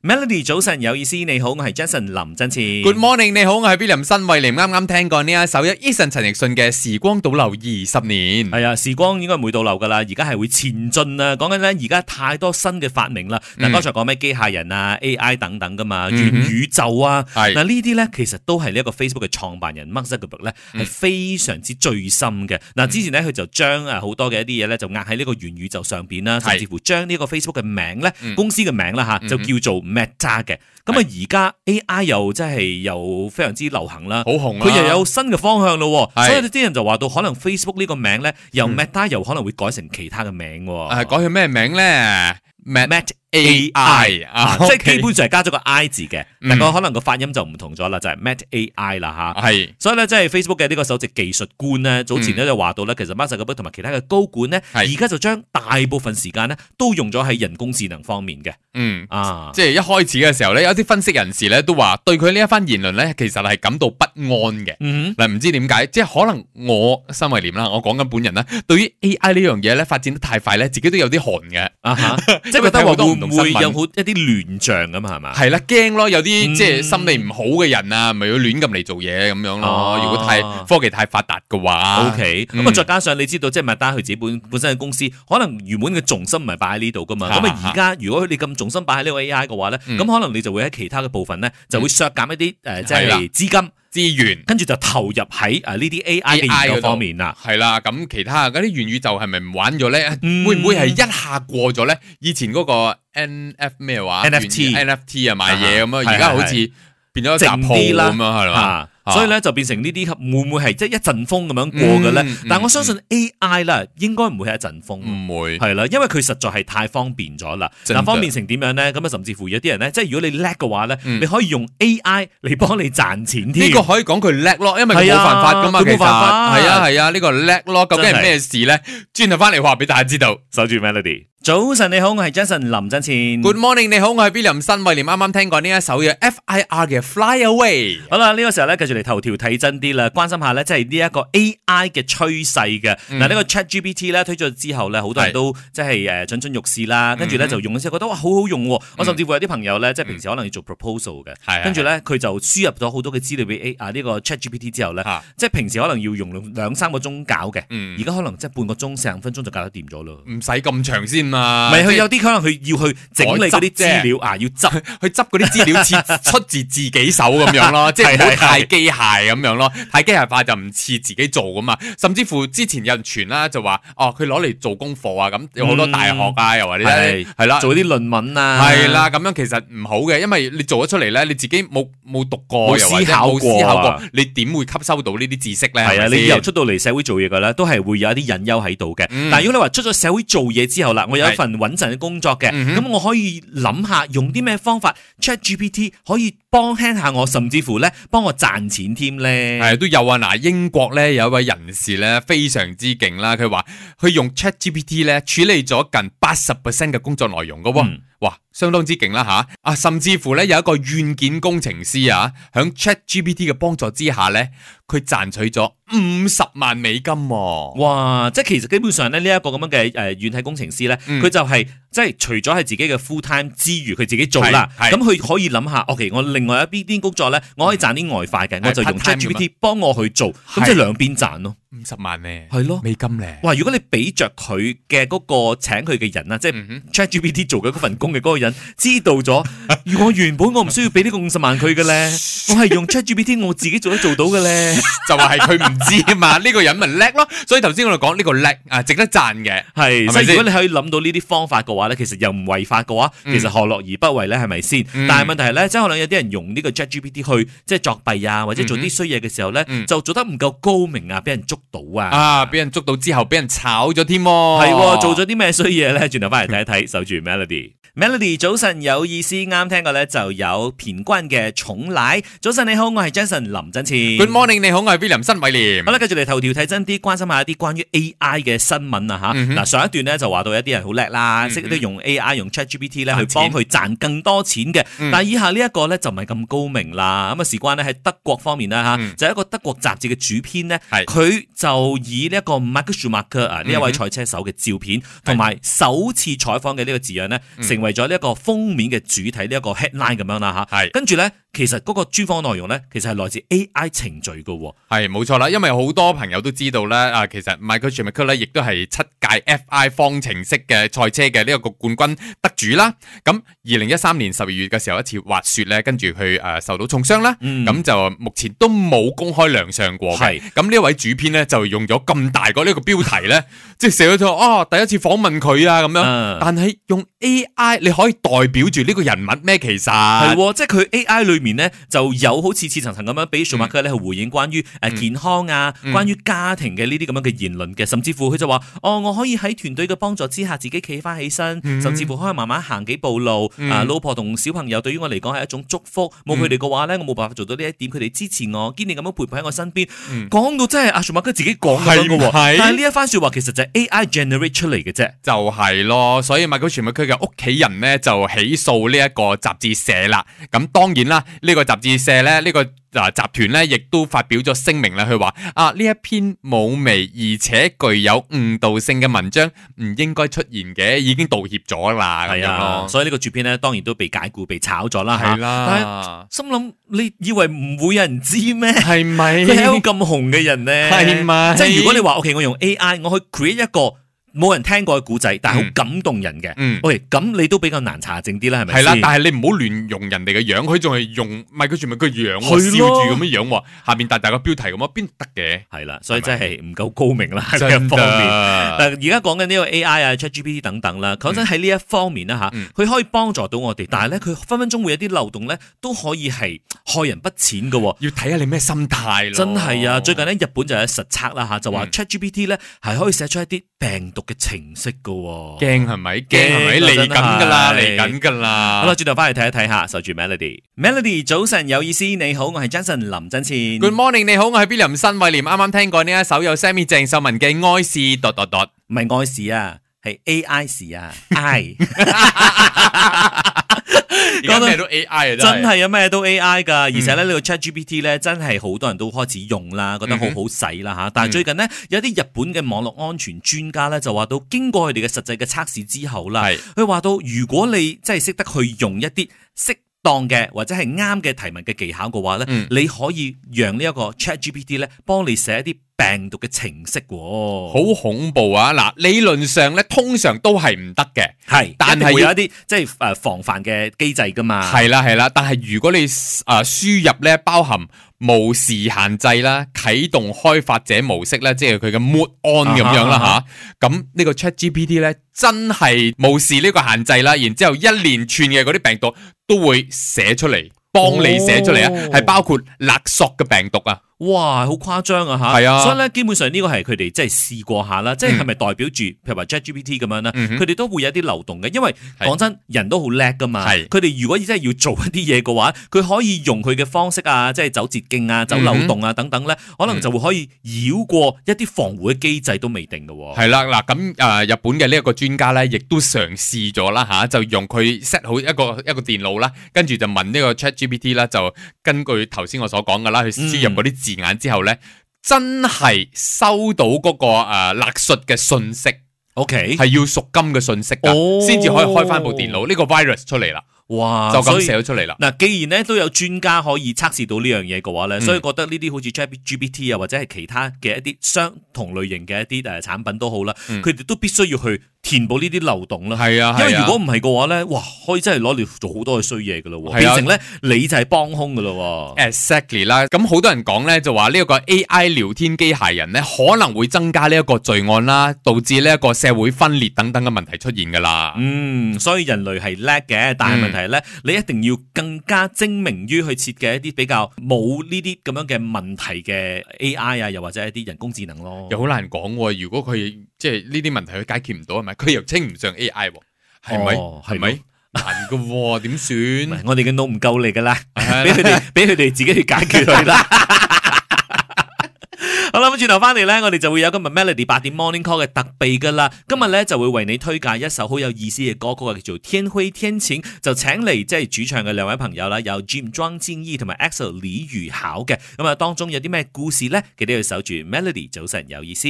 Melody 早晨有意思，你好，我係 Jason 林振前。Good morning，你好，我係 Billy 林新偉廉。啱啱聽過呢一首一、Eason，陳奕迅嘅《時光倒流二十年》係啊，時光應該唔會倒流噶啦，而家係會前進啦。講緊咧，而家太多新嘅發明啦。嗱、嗯，剛才講咩機械人啊，AI 等等噶嘛，嗯、哼元宇宙啊，嗱是呢啲咧，其實都係呢一個 Facebook 嘅創辦人 Mark Zuckerberg 咧，係、嗯、非常之最深嘅。嗱、嗯，之前咧佢就將啊好多嘅一啲嘢咧，就壓喺呢個元宇宙上邊啦，甚至乎將呢個 Facebook 嘅名咧，嗯、公司嘅名啦吓、嗯啊，就叫做。Meta 嘅，咁啊而家 AI 又真係又非常之流行啦，好紅啦，佢又有新嘅方向咯，是所以啲人就話到可能 Facebook 呢個名咧，由 Meta 又可能會改成其他嘅名，係改去咩名咧？mat, Mat A I 啊，即係基本上係加咗個 I 字嘅，嗯、但係可能個發音就唔同咗啦，就係 Meta A I 啦吓。係是，所以咧即係 Facebook 嘅呢個首席技術官咧，早前咧就話到咧，嗯、其實 Meta 個表同埋其他嘅高管咧，而家是就將大部分時間咧都用咗喺人工智能方面嘅。嗯啊，即係一開始嘅時候咧，有啲分析人士咧都話對佢呢一番言論咧，其實係感到不安嘅。嗱、嗯，唔知點解，即係可能我心為念啦，我講緊本人啦，對於 A I 呢樣嘢咧發展得太快咧，自己都有啲寒嘅啊吓，即係 覺得我。會有好一啲亂象咁係嘛？係啦，驚咯！有啲即係心理唔好嘅人啊，咪要亂咁嚟做嘢咁樣咯。如果太科技太發達嘅話，OK。咁啊，再加上你知道即係麥當佢自己本本身嘅公司，可能原本嘅重心唔係擺喺呢度㗎嘛。咁啊，而家如果你咁重心擺喺呢個 AI 嘅話咧，咁可能你就會喺其他嘅部分咧，就會削減一啲誒即係資金資源，跟住就投入喺誒呢啲 AI 嘅研究方面啦。係啦，咁其他嗰啲元宇宙係咪唔玩咗咧？會唔會係一下過咗咧？以前嗰個。NF 咩話？NFT NFT 啊，買嘢咁樣，而家好似變咗集鋪啦咁樣，係嘛？所以咧就變成呢啲，會唔會係即係一陣風咁樣過嘅咧？但係我相信 AI 咧，應該唔會係一陣風，唔會係啦，因為佢實在係太方便咗啦。嗱，方便成點樣咧？咁啊，甚至乎有啲人咧，即係如果你叻嘅話咧，你可以用 AI 嚟幫你賺錢添。呢個可以講佢叻咯，因為佢冇犯法噶嘛，其實，係啊係啊，呢個叻咯。究竟係咩事咧？轉頭翻嚟話俾大家知道。守住 Melody。早晨你好，我係 Jason 林振前。Good morning，你好，我係 Billam 新威廉。你啱啱聽過呢一首嘅 F.I.R 嘅 Fly Away。好啦，呢個時候咧，繼續嚟頭條睇真啲啦，關心下咧，即係呢一個 A.I. 嘅趨勢嘅。嗱，呢個 Chat GPT 咧推咗之後咧，好多人都即係誒蠢蠢欲試啦，跟住咧就用咗之後覺得哇好好用，我甚至乎有啲朋友咧，即係平時可能要做 proposal 嘅，跟住咧佢就輸入咗好多嘅資料俾 A 啊呢個 Chat GPT 之後咧，即係平時可能要用兩三個鐘搞嘅，而家可能即係半個鐘十五分鐘就搞得掂咗咯，唔使咁長先啊，咪佢有啲可能佢要去整理嗰啲資料啊，要執去執嗰啲資料，出自自己手咁樣咯，即係唔好太機械咁樣咯，太機械化就唔似自己做㗎嘛。甚至乎之前有人傳啦，就話哦，佢攞嚟做功課啊，咁有好多大學啊，又或者係啦，做啲論文啊，係啦，咁樣其實唔好嘅，因為你做咗出嚟咧，你自己冇冇讀過，冇思考過，你點會吸收到呢啲知識咧？係啊，你以後出到嚟社會做嘢嘅咧，都係會有一啲隱憂喺度嘅。但如果你話出咗社會做嘢之後啦，有一份穩陣嘅工作嘅，咁、嗯、哼我可以諗下用啲咩方法 check GPT 可以。幫輕下我，甚至乎咧幫我賺錢添咧。係都有啊，嗱、呃、英國咧有一位人士咧非常之勁啦，佢話佢用 ChatGPT 咧處理咗近八十 percent 嘅工作內容噶喎、哦，嗯、哇相當之勁啦吓。啊，甚至乎咧有一個軟件工程師啊，喺 ChatGPT 嘅幫助之下咧，佢賺取咗五十萬美金、哦。哇！即係其實基本上咧呢一、這個咁樣嘅誒軟體工程師咧，佢、嗯、就係、是。即係除咗係自己嘅 full time 之餘，佢自己做啦。咁佢可以諗下、嗯、OK，我另外一邊邊工作咧，我可以賺啲外快嘅，是我就用 GPT 幫我去做，咁是即係兩邊賺咯。五十萬咧，係咯美金咧。哇，如果你俾着佢嘅嗰個請佢嘅人啊，即係 Chat GPT 做嘅嗰份工嘅嗰個人，知道咗，如果我原本我唔需要俾呢個五十萬佢嘅咧，我係用 Chat GPT 我自己做得做到做都做到嘅咧，就話係佢唔知啊嘛。呢個人咪叻咯，所以頭先我哋講呢個叻啊，值得讚嘅，係咪先？如果你可以諗到呢啲方法嘅話咧，其實又唔違法嘅話，其實何樂而不為咧？係咪先？但係問題係咧，即可能有啲人用呢個 Chat GPT 去即係作弊啊，或者做啲衰嘢嘅時候咧，就做得唔夠高明啊，俾人捉。捉到啊！啊，俾人捉到之後，俾人炒咗添。係，做咗啲咩衰嘢咧？轉頭返嚟睇一睇， 守住 Melody。Melody，早晨有意思，啱聽過咧就有田君嘅寵奶。早晨你好，我係 Jason 林振前。Good morning，你好，我係 William 申偉廉。好啦，繼續嚟頭條睇真啲，關心一下一啲關於 AI 嘅新聞啊吓。嗱、嗯哼，上一段咧就話到一啲人好叻啦，識、嗯、哼得用 AI 用 ChatGPT 咧去幫佢賺更多錢嘅。錢但係以下呢一個咧就唔係咁高明啦。咁啊事關咧喺德國方面啦吓，嗯、哼就係一個德國雜誌嘅主編咧，係佢、嗯、哼就以呢一個 Michael Schumacher 啊呢一位賽車手嘅照片同埋首次採訪嘅呢個字樣咧、嗯、哼成為。為咗呢一個封面嘅主體、這個、line, 是呢一個 headline 咁樣啦吓，係跟住咧，其實嗰個專訪內容咧，其實係來自 AI 程序嘅，係冇錯啦。因為好多朋友都知道咧，啊，其實 Michael Schumacher 咧，亦都係七屆 F1 方程式嘅賽車嘅呢一個冠軍得主啦。咁二零一三年十二月嘅時候一次滑雪咧，跟住佢誒受到重傷啦，咁、嗯、就目前都冇公開亮相過嘅。咁呢是位主編咧就用咗咁大個呢個標題咧，即係寫咗出，哦，第一次訪問佢啊咁樣，嗯、但係用 AI。你可以代表住呢個人物咩？其實係、哦、即係佢 AI 裏面咧就有好似層層咁樣、嗯，俾舒麥加咧去回應關於誒健康啊、嗯、關於家庭嘅呢啲咁樣嘅言論嘅，甚至乎佢就話：哦，我可以喺團隊嘅幫助之下，自己企翻起身，嗯、甚至乎可以慢慢行幾步路。嗯、啊，老婆同小朋友對於我嚟講係一種祝福，冇佢哋嘅話咧，我冇辦法做到呢一點。佢哋支持我，堅定咁樣陪伴喺我身邊。嗯、講到真係阿舒麥加自己講緊喎，但係呢一番説話其實就係 AI generate 出嚟嘅啫，就係咯。所以咪高舒麥加嘅屋企人咧就起訴呢一個雜誌社啦。咁當然啦，呢、這個雜誌社咧，這個、呢個嗱集團咧，亦都發表咗聲明啦。佢話啊，呢一篇冇味而且具有誤導性嘅文章唔應該出現嘅，已經道歉咗啦。係啊，所以呢個主編咧，當然都被解雇、被炒咗啦。吓是、啊啊，心諗你以為唔會有人知咩？係咪？佢有咁紅嘅人咧？係咪？即係如果你話，我、okay, 其我用 A I，我去 create 一個。冇人聽過嘅古仔，但係好感動人嘅。嗯，k、okay, 咁你都比較難查證啲啦，係咪？係啦，但係你唔好亂用人哋嘅樣，佢仲係用，唔係佢仲咪個樣燒住咁樣樣，下面大大個標題咁啊，邊得嘅？係啦，所以係咪真係唔夠高明啦。真係的，嗱，而家講緊呢個 A I 啊，Chat G P T 等等啦，講真喺呢一方面啦吓，佢可以幫助到我哋，嗯、但係咧佢分分鐘會有啲漏洞咧，都可以係害人不淺噶，要睇下你咩心態啦。真係啊，最近咧日本就有實測啦吓，就話 Chat G P T 咧係可以寫出一啲。病毒嘅程式噶，驚係咪？驚係咪嚟緊噶啦，嚟緊噶啦。好啦，轉頭翻嚟睇一睇下，守住 Melody。Melody 早晨有意思，你好，我係 Jason 林真前。Good morning，你好，我係 Billy 林新威廉。啱啱聽過呢一首有 Sammy 鄭秀文嘅愛是咄咄咄，唔係愛是啊，係 A I 是啊，I。講到 AI，真係有咩都 AI 噶，而且咧，呢個、嗯、ChatGPT 咧，真係好多人都開始用啦，覺得好好使啦吓。嗯嗯，但係最近呢，有一啲日本嘅網絡安全專家咧，就話到經過佢哋嘅實際嘅測試之後啦，佢話是到如果你真係識得去用一啲識。嗯當嘅或者係啱嘅提問嘅技巧嘅話咧，嗯、你可以讓呢一個 Chat GPT 咧幫你寫一啲病毒嘅程式，好恐怖啊！嗱，理論上咧通常都係唔得嘅，係，但係有一啲即係誒防範嘅機制噶嘛，係啦，係啦，但係如果你誒輸入咧包含。無視限制啦，啟動開發者模式啦，即係佢嘅 Mode On 咁、啊啊啊、樣啦吓。咁呢、啊啊、個 Chat GPT 咧，真係無視呢個限制啦。然之後一連串嘅嗰啲病毒都會寫出嚟，幫你寫出嚟啊，係、哦、包括勒索嘅病毒啊。哇，好誇張啊嚇！係啊，所以咧基本上呢個係佢哋即係試過下啦，嗯、即係係咪代表住譬如話 ChatGPT 咁樣啦？佢哋、嗯、哼都會有啲漏洞嘅，因為講是真人都好叻噶嘛，佢哋是如果真係要做一啲嘢嘅話，佢可以用佢嘅方式啊，即係走捷徑啊，走漏洞啊等等咧，嗯、哼可能就會可以繞過一啲防護嘅機制都未定嘅喎、啊。係啦、啊，嗱咁誒日本嘅呢一個專家咧，亦都嘗試咗啦吓，就用佢 set 好一個一個電腦啦，跟住就問呢個 ChatGPT 啦，就根據頭先我所講嘅啦，去輸入嗰啲。字眼之後咧，真係收到嗰、那個、呃、勒索嘅信息，OK 係要贖金嘅信息㗎，先至、oh. 可以開翻部電腦。呢、這個 virus 出嚟啦，哇！就咁寫咗出嚟啦。嗱，既然咧都有專家可以測試到呢樣嘢嘅話咧，嗯、所以覺得呢啲好似 ChatGPT 啊，或者係其他嘅一啲相同類型嘅一啲誒產品都好啦，佢哋、嗯、都必須要去。填補呢啲漏洞啦，係啊，啊因為如果唔係嘅話咧，哇，可以真係攞嚟做好多嘅衰嘢噶咯，變成咧你就係幫凶噶咯。Exactly 啦，咁好多人講咧就話呢一個 AI 聊天機械人咧可能會增加呢一個罪案啦，導致呢一個社會分裂等等嘅問題出現噶啦。嗯，所以人類係叻嘅，但係問題係咧，嗯、你一定要更加精明於去設計一啲比較冇呢啲咁樣嘅問題嘅 AI 啊，又或者一啲人工智能咯，又好難講。如果佢。即係呢啲問題佢解決唔到係咪？佢又稱唔上 AI 喎，係咪、嗯？係咪？難噶喎，點算？我哋嘅腦唔夠力噶啦，俾佢哋俾佢哋自己去解決佢啦。 好啦，咁轉頭翻嚟咧，我哋就會有今日 Melody 八點 Morning Call 嘅特備噶啦。今日咧就會為你推介一首好有意思嘅歌曲，叫做《天灰天晴》，就請嚟即係主唱嘅兩位朋友啦，有 Jim 莊敬一同埋 Axel 李如考嘅。咁啊，當中有啲咩故事咧？記得要守住 Melody 早晨有意思。